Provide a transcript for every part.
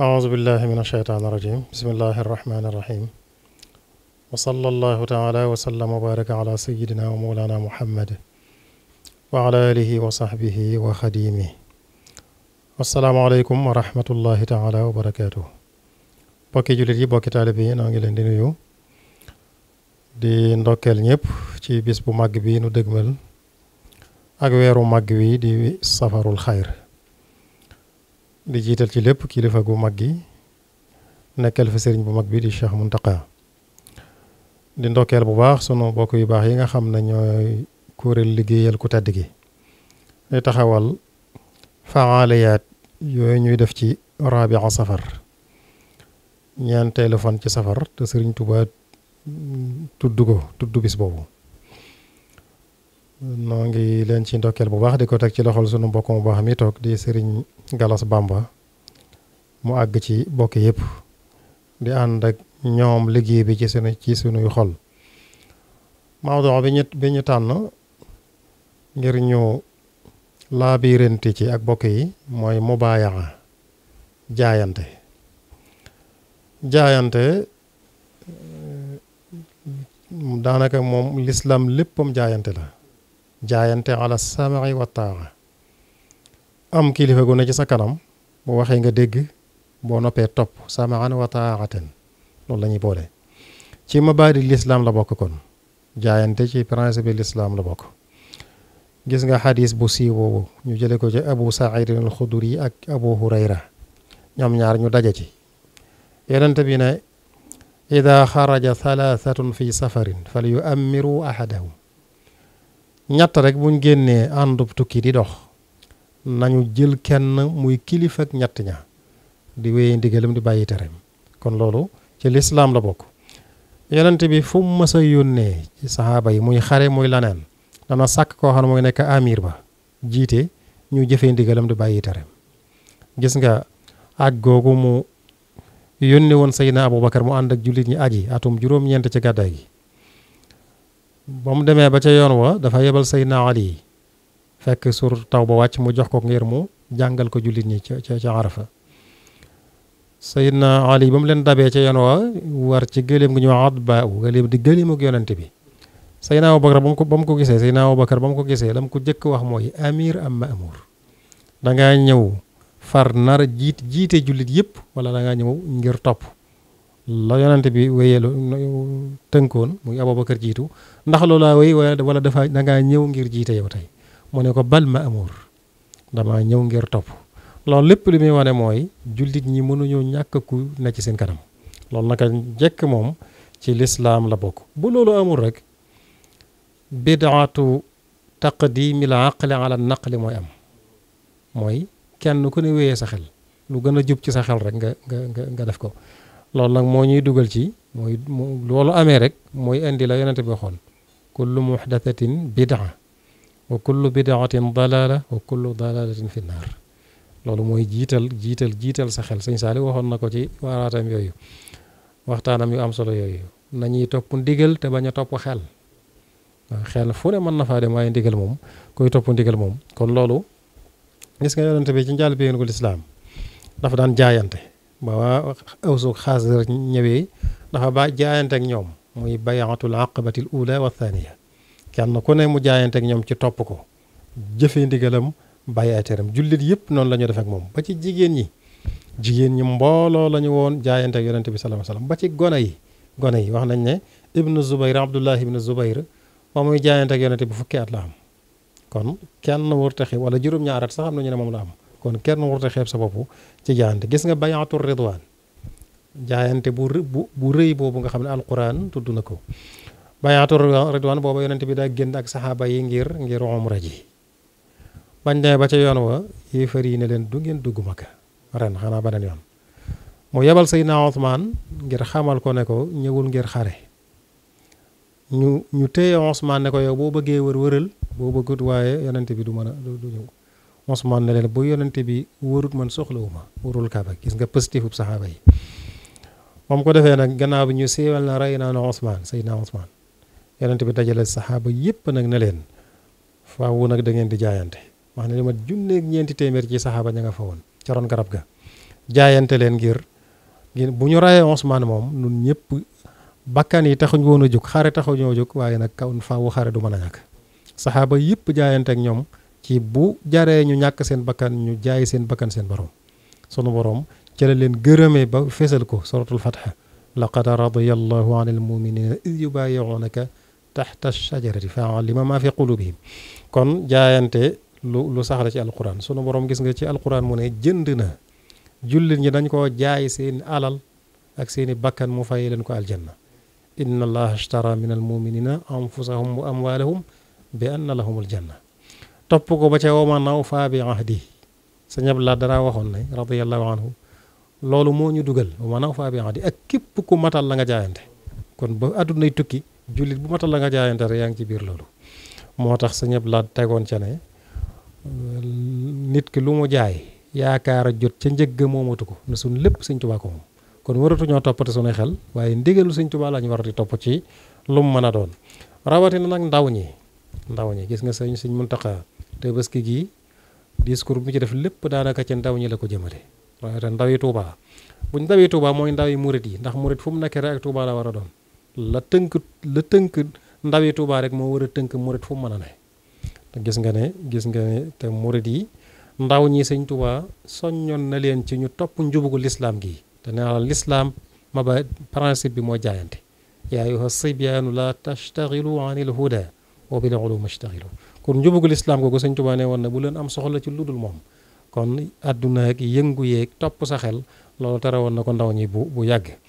أعوذ بالله من الشيطان الرجيم بسم الله الرحمن الرحيم وصلى الله تعالى وسلم وبارك على سيدنا ومولانا محمد وعلى آله وصحبه وخديمه السلام عليكم ورحمة الله تعالى وبركاته bokki jullit yi bokki taalib yi noo ngi leen di nuyu di ndokkeel ñëpp ci bis bu màgg bi nu dëgmal ak weeru màgg wi di safarul xayr di jiital ci lépp kilifa gu mag gi nekkal fa sëriñ bu mag bi di Cheikh Mountakha di ndokkeel bu baax sunu bokk yu baax yi nga xam ne ñooy kuréel liggéeyal ku tedd gi di taxawal faaliyaat yooyu ñuy def ci rabia safar ñeenteelu fan ci safar te sëriñ Tuubaa tudd ko tudd bis boobu noo ngi leen ci ndokkeel bu baax di ko teg ci loxol sunu mbokk mu baax mi toog di sëriñ Galas Bamba mu àgg ci bokk yëpp di ànd ak ñoom liggéey bi ci sunu ci sunuy xol mawduu bi ñu bi ñu tànn ngir ñu laabirante ci ak bokk yi mooy mubaaya jaayante jaayante eh, daanaka moom lislaam léppam jaayante la jaayante ala samari wa am kilifa gu ne ci sa kanam bu waxee nga dégg boo noppee topp samaan wa taaxaten loolu la ñuy boole ci ma mabaadi lislaam la bokk kon jaayante ci principe lislaam la bokk gis nga xadis bu siiwoo ñu jële ko ci abu saidin al ak abu hurayra ñoom ñaar ñu daje ci yonent bi ne ida xaraja thalathatun fi safarin fal yu ammiru ahadahum ñett rek buñ génnee àndub tukki di dox nañu jël kenn muy kilifa ak ñett ña di wéyee ndigalam di bàyyi tereem kon loolu ci lislaam la bokk yonent bi fu mu yónnee ci saxaaba yi muy xare muy laneen dana sàkk koo xam ne mooy nekk amir ba jiite ñu jëfee ndigalam di bàyyi tereem gis nga ak googu mu yónni woon Seydina Abubakar mu ànd ak jullit ñi aji atum juróom-ñeent ci gàddaay gi ba mu demee ba ca yoon wa dafa yebal Seydina Ali fekk sur taw ba wàcc mu jox ko ngir mu jàngal ko jullit ñi ca ca Arafa Seydina Ali ba mu leen dabee ca yoon wa war ci gëléem gu ñu wax Adbaa gëléem di gëléemug yonent bi Seydina Abubakar ba mu ko ba mu ko gisee Seydina Abubakar ba mu ko gisee la mu ko jëkk wax mooy amir am ma'mur da ngaa ñëw far nar jiit jiite jullit yëpp wala da ñëw ngir topp la yonante bi wéyeelu tënkoon muy Abubakar jiitu ndax loola wéy wala dafa da ngaa ñëw ngir jiite yow tey mu ne ko bal ma amuur dama ñëw ngir topp loolu lépp li muy wane mooy jullit ñi mënuñoo ñàkk ku ne ci seen kanam loolu naka njëkk moom ci lislaam la bokk bu loolu amul rek taq bidaatu taqdimil aqli naq li mooy am mooy kenn ku ne wéyee sa xel lu gën a jub ci sa xel rek nga nga nga def ko loolu nag moo ñuy dugal ci mooy loolu amee rek mooy indi la yonente bi waxoon kullu muhdathatin bidaa wa kullu bidaatin dalala wa kullu dalalatin fi naar loolu mooy jiital jiital jiital sa xel sëñ Saali waxoon na ko ci waaraatam yooyu waxtaanam yu am solo yooyu nañuy topp ndigal te bañ a topp xel xel fu ne mën na faa dem waaye ndigal moom koy topp ndigal moom kon loolu gis nga yonente bi ci njaal bi ko lislaam dafa daan jaayante ba waa awsuug xaasar ñëwee dafa ba jaayante ak ñoom muy bayatul aqabatil ula wa thaniya kenn ku ne mu jaayante ak ñoom ci topp ko jëfee ndigalam bàyyi ay teram jullit yëpp noonu la ñu def ak moom ba ci jigéen ñi jigéen ñi mbooloo la ñu woon jaayante ak bi sallallahu alayhi wasallam ba ci gone yi gone yi wax nañ ne ibnu zubayr abdullah ibnu zubayr moom muy jaayante ak yonente bi fukki at la am kon kenn wërta xi wala juróom-ñaar at sax am na ñu ne moom la am kon kenn warut a xeeb sa bopp ci jaayante gis nga bayaatul ridwaan jaayante bu bu rëy boobu nga xam ne alquran tudd na ko bayaatul ridwaan booba yonente bi daa génn ak saxaaba yi ngir ngir umra ji bañ demee ba ca yoon wa yéefar yi ne leen du ngeen dugg Makka ren xanaa beneen yoon mu yebal Seydina Ousmane ngir xamal ko ne ko ñëwul ngir xare ñu ñu téye Ousmane ne ko yow boo bëggee wër wëral boo bëggut waaye yonente bi du mën a du ñëw Usmaan ne leen bu yonente bi wóorut man soxlawu ma wóorul kaaba gis nga positif bu saxaaba yi moom ko defee nag gannaaw bi ñu siiwal na rey naa na Usmaan naa Usmaan yonente bi dajale saxaaba yëpp nag ne leen faawu nag dangeen di jaayante wax ne li ma junneeg ñeenti téeméer ci saxaaba ña nga fawoon woon ca ron garab ga jaayante leen ngir bu ñu rayee Usmaan moom nun ñëpp bakkan yi taxuñ woon a jóg xare taxuñoo jóg waaye nag kaw faawu xare du mën a ñàkk saxaaba yëpp jaayante ak ñoom ci bu jare ñu ñàkk seen bakkan ñu jaay seen bakkan seen borom sunu borom ci la leen gërëmee ba fesal ko suratul fatha laqad radiyallahu anil muminina id yubayi'unaka taxta shajarati fa alima ma fi qulubihim kon jaayante lu saxla ci alquran sunu borom gis nga ci alquran mu ne jënd na jullit ñi dañ koo jaay seen alal ak seeni bakkan mu fay leen ko aljanna inna allaha ashtara min almuminina anfusahum wa amwalahum bi anna lahum aljanna topp ko ba ca waman naw faa bi ahdi sa ñablaat danaa waxoon ne radiallahu loolu moo ñu dugal waman naw faa bi ahdi ak képp ku matal la nga jaayante kon ba àddunay tukki jullit bu matal la nga jaayante rek yaa ngi ci biir loolu moo tax sa ñablaat tegoon ca ne nit ki lu mu jaay yaakaar a jot ca njëgg moomatu ko ne suñ lépp sëñ tubaa moom kon waratuñoo toppati suñu xel waaye ndigalu sëñ tubaa lañu war di topp ci lu mu mën a doon rawatina nag ndaw ñi ndaw ñi gis nga sëñ sëñ Muntaxa tabaski gi discours bi mu ci def lépp daanaka ci ndaw ñi la ko jëmale waaye ndaw yi tuubaa bu ñu ndawee mooy ndaw yi murit yi ndax murit fu mu nekkee rek ak Touba la war a doon la tënk la tënk ndaw yi Touba rek moo war a tënk murit fu mën a ne te gis nga ne gis nga ne te murit yi ndaw ñi sëñ Touba soññoon na leen ci ñu topp njubugu lislaam gi te nee naa lislaam ma ba principe bi moo jaayante yaa ayyuha sibyaanu la tashtaxilu anil huda wa bil ulumi ishtaxilu pour njubugul lislaam ko ko Tuubaa ne woon na bu leen am soxla ci ludul moom kon àdduna ak yëngu yeeg topp sa xel loolu tere woon na ko ndaw ñi bu bu yàgg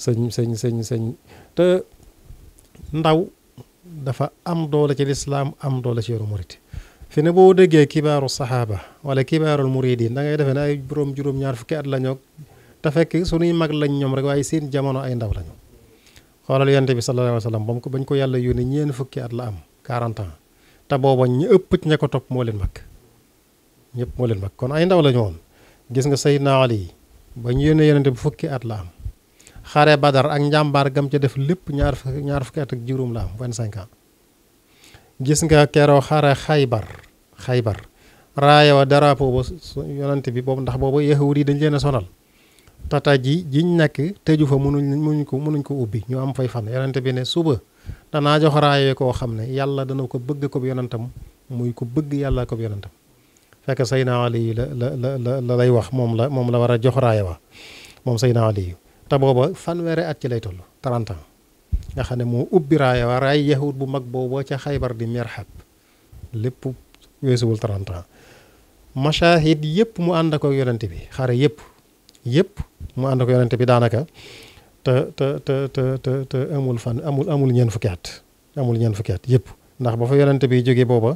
sëñ sëñ sëñ sëñ te ndaw dafa am doole ci lislaam am doole ci yoonu murit fi ne boo déggee kibaaru saxaaba wala kibaarul muridiin da ngay defee ne ay boroom juróom-ñaar fukki at la ñoo te fekk suñuy mag lañ ñoom rek waaye seen jamono ay ndaw lañu xoolal yonte bi sallallahu alayhi wa sallam ba ko bañ ko yàlla yónni ñeen fukki at la am 40 te booba ñu ëpp ci ña ko topp moo leen mag ñëpp moo leen mag kon ay ndaw lañu woon gis nga Seydina yi ba ñu yónnee yonente bu fukki at la am xare Badar ak njàmbaar gam ca def lépp ñaar fukki at ak juróom la am vingt-cinq gis nga keroog xare Xaybar Xaybar raaya wa darapo ba yonente bi boobu ndax booba yahuud yi dañ leen a sonal tata ji jiñ nekk tëju fa mënuñ mënuñ ko mënuñ ko ubbi ñu am fay fan yonente bi ne suba danaa jox raayee koo xam ne yàlla dana ko bëgg ko yonentam muy ko bëgg yàlla ko yonentam fekk Seydina Ali la la la lay wax moom la moom la war a jox raaye wa moom Seydina Ali te booba fanweeri at ci lay toll 30 nga xam ne moo ubbi raaye wa raay yahud bu mag booba ca xaybar di merxab lépp weesuwul 30 ans machahid yëpp mu ànd ak yonente bi xare yëpp yëpp mu ànd ko yonente bi daanaka te te te te te amul fan amul amul ñeen fukki at amul ñeen fukki at yëpp ndax ba fa yonente bi jógee booba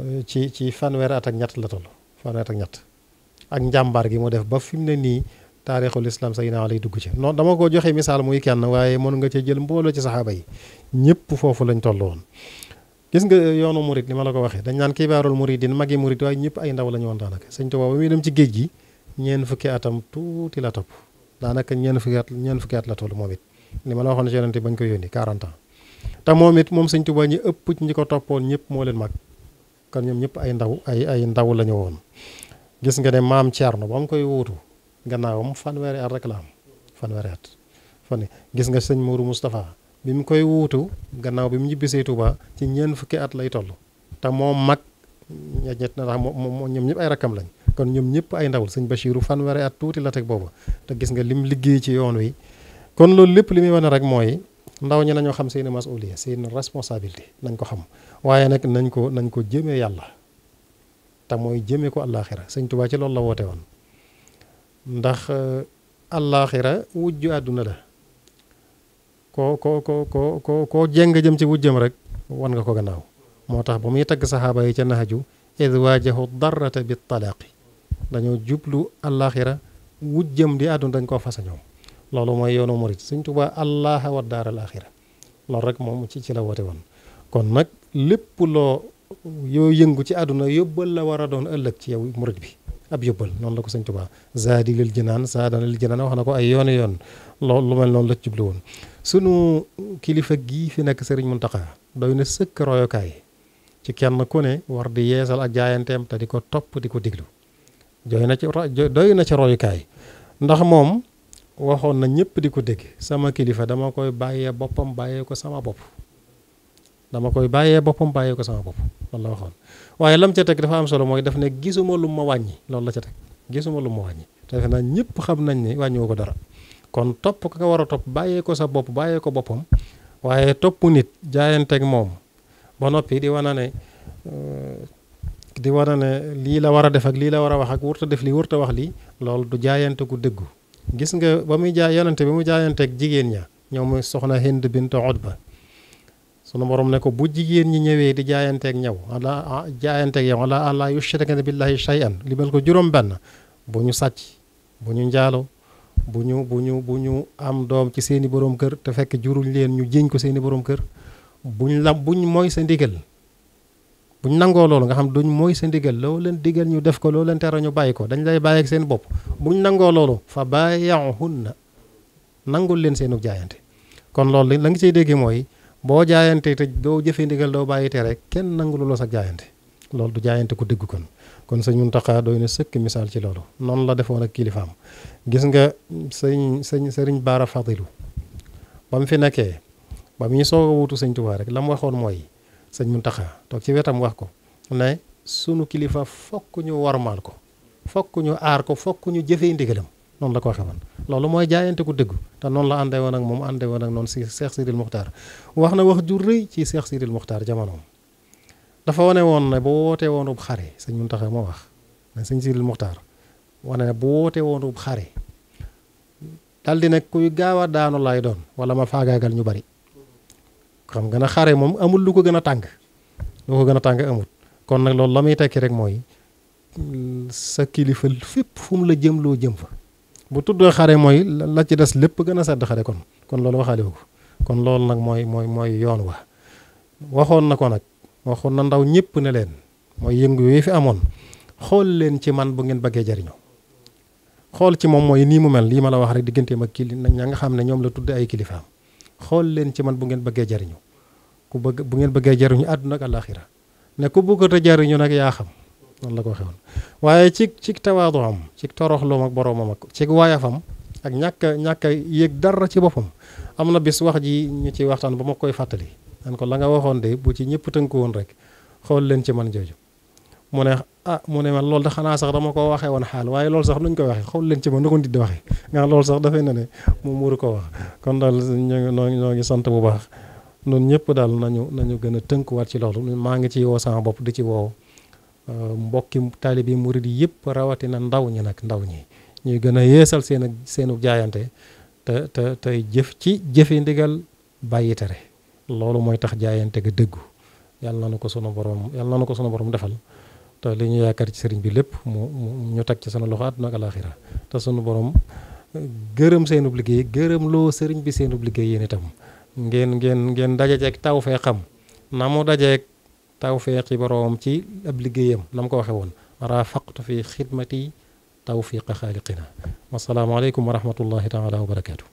euh, ci ci fanweer at ak ñett la toll fanweer at ak ñett ak njàmbaar gi mu def ba fi mu ne nii taarixul islam sa ginaaw lay dugg ci non dama ko joxe misaal muy kenn waaye mën nga cee jël mbooloo ci saxaaba yi ñëpp foofu lañu toll woon gis nga euh, yoonu murid ni ma la ko waxee dañ naan kibaarul muridin magi murid waaye ñëpp ndaw la ñu woon daanaka sëñ Tuubaa ba muy dem ci gi ñeen fukki atam tuuti la topp daanaka ñeen fukki at ñeen fukki at la toll moom it li ma la waxoon ci yonent bañ ko yónni 40 ans te moom it moom sëñ Tuubaa ñi ëpp ñi ko toppoon ñëpp moo leen mag kon ñoom ñëpp ay ndaw ay ay ndaw la woon gis nga ne maam Thierno ba mu koy wuutu gannaawam fanweeri at rek la am fanweeri at gis nga sëñ Mourou Moustapha bi mu koy wuutu gannaaw bi mu ñibbisee Tuubaa ci ñeen fukki at lay toll te moom mag ñett na tax moom ñoom ñëpp ay rakkam lañ kon ñoom ñëpp ay ndaw sëñ Bachiru fanweeri at tuuti la teg boobu te gis nga lim liggéey ci yoon wi kon loolu lépp li muy wane rek mooy ndaw ñi nañoo xam seen masuliya seen responsabilité nañ ko xam waaye nag nañ ko nañ ko jëmee yàlla te mooy jëmee ko àllaaxira sëñ Tuubaa ci loolu la woote woon ndax euh, àllaaxira wujju àdduna la ko ko ko ko ko koo jéng jëm ci wujjam rek wan nga ko gannaaw moo tax ba muy tagg saxaaba yi ca naxaju id waajahu darrata bi talaaqi dañoo jublu àllaaxira wut jëm di àdduna dañ koo fas a ñoom loolu mooy yoonu murit Sëñ Tuubaa allaaha wa daaral aaxira loolu rek moom ci ci la woote woon kon nag lépp loo yoo yëngu ci àdduna yóbbal la war a doon ëllëg ci yow murit bi ab yóbbal noonu la ko Sëñ Tuubaa zaadi lil jinaan zaadana lil wax na ko ay yooni yoon loolu lu mel noonu la jublu woon sunu kilifa gii fi nekk Sëriñ Muntaxa doy na sëkk royokaay ci kenn ko ne war di yeesal ak jaayanteem di ko topp di ko diglu doy na ci doy na ci royukaay ndax moom waxoon na ñëpp di ko dégg sama kilifa dama koy bàyyee boppam bàyyee ko sama bopp dama koy bàyyee boppam bàyyee ko sama bopp loolu la waxoon waaye lam ca teg dafa am solo mooy def ne gisuma lum ma wàññi loolu la ca teg gisuma lu ma wàññi te defe naa ñëpp xam nañ ne wàññiwu ko dara kon topp ka nga war a topp bàyyee ko sa bopp bàyyee ko boppam waaye topp nit jaayanteeg moom ba noppi di wana ne euh, di war a ne lii la war a def ak lii la war a wax ak wurta def lii wurta wax lii loolu du jaayante gu dëggu gis nga ba muy jaay yonante bi mu jaayanteeg jigéen ña ñoom soxna Hind bint borom ne ko bu jigéen ñi ñëwee di jaayanteeg ñaw ala jaayanteeg yow ala àla yushrikna billahi shay'an li mel ko juróom benn bu ñu sàcc bu ñu njaalo bu ñu bu ñu bu ñu am doom ci seeni borom kër te fekk juruñ leen ñu jiñ ko seeni borom kër buñ la buñ moy sa ndigal buñ nangoo loolu nga xam duñ mooy sa ndigal loo leen digal ñu def ko loo leen tere ñu bàyyi ko dañ lay bàyyi ak seen bopp buñ nangoo loolu fa baayaxunna nangul leen seenu jaayante kon loolu la nga ciy dégg mooy boo jaayante te doo jëfee ndigal doo bàyyi tere kenn nangulu loo sa jaayante loolu du jaayante ku dégg kon kon sëñ Muntaxa doy na sëkk misaal ci loolu noonu la defoon ak kilifaam gis nga sëñ sëñ sëriñ Baara Fadilu ba mu fi nekkee ba mu ñu soog a wutu sëñ Tuubaa rek la mu waxoon mooy sëñ Muntaxa toog ci wetam wax ko ne sunu kilifa fokk ñu warmaal ko fokk ñu aar ko fokk ñu jëfee ndigalam noonu la ko waxee woon loolu mooy jaayante ku déggu te noonu la àndee woon ak moom àndee woon ak noonu seex Cheikh Sidil Muxtaar wax na wax jur rëy ci Cheikh Sidil Muxtaar jamonoom dafa wane woon ne bu wootee woonub xare sëñ Muntaxa moo wax ne sëñ Sidil Muxtaar wane ne bu wootee woonub xare daldi nag kuy gaaw a daanu lay doon wala ma faagaagal ñu bari xam gën a xare moom amul lu ko gën a tàng lu ko gën a tàng amul kon nag loolu la muy tekki rek mooy sa kilifa fépp fu la jëm loo jëm fa bu tuddoo xare mooy la ci des lépp gën a sedd xare kon kon loolu waxaale ko kon loolu nag mooy mooy mooy yoon wa waxoon na ko nag waxoon na ndaw ñëpp ne leen mooy yëngu yooyu fi amoon xool leen ci man bu ngeen bëggee jariñoo xool ci moom mooy nii mu mel lii ma la wax rek digganteem ak kili ña nga xam ne ñoom la tudd ay kilifaam xool leen ci man bu ngeen bëggee jariñu ku bëgg bu ngeen bëggee jariñu àdduna ak àllaaxira ne ku bëggat a jariñu nag yaa xam noonu la ko waxee woon waaye ci ci tawaadu am ci toroxloom ak boroomam ak ci waayafam ak ñàkk ñàkk a yéeg dara ci boppam am na bis wax ji ñu ci waxtaan ba ma koy fàttali. naan ko la nga waxoon de bu ci ñëpp tënku woon rek xool leen ci man jooju mu ne ah mu ne man loolu da xanaa sax dama ko waxee woon xaal waaye loolu sax nuñ koy waxee xawul leen ci ma nu ko nit di waxee nga loolu sax dafay na ne moom waru ko wax kon daal ñoo ngi ñoo ngi sant bu baax noonu ñëpp daal nañu nañu gën a tënkuwaat ci loolu maa ngi ci woo sama bopp di ci wow euh, mbokki taalibe yi murid yi yëpp rawatina ndaw ñi nag ndaw ñi ñuy gën a yeesal seen ak seenu jaayante te te tey jëf ci jëfi ndigal bàyyi tere loolu mooy tax jaayante ga dëggu yàlla na ko sunu borom yàlla na ko sunu borom defal te li ñu yaakaar ci sëriñ bi lépp mu ñu teg ci sunu loxo àdduna ak alaaxira te sunu boroom gërëm seenub liggéey gërëm loo sëriñ bi seenub liggéey yéen itam ngeen ngeen ngeen daje ak taw fee xam na mu dajeeg taw fee ci ci ab liggéeyam na mu ko waxee woon raafaqtu fi xidmati tawfiqa xaaliqina wasalaamaaleykum wa rahmatullahi taala wa barakaatu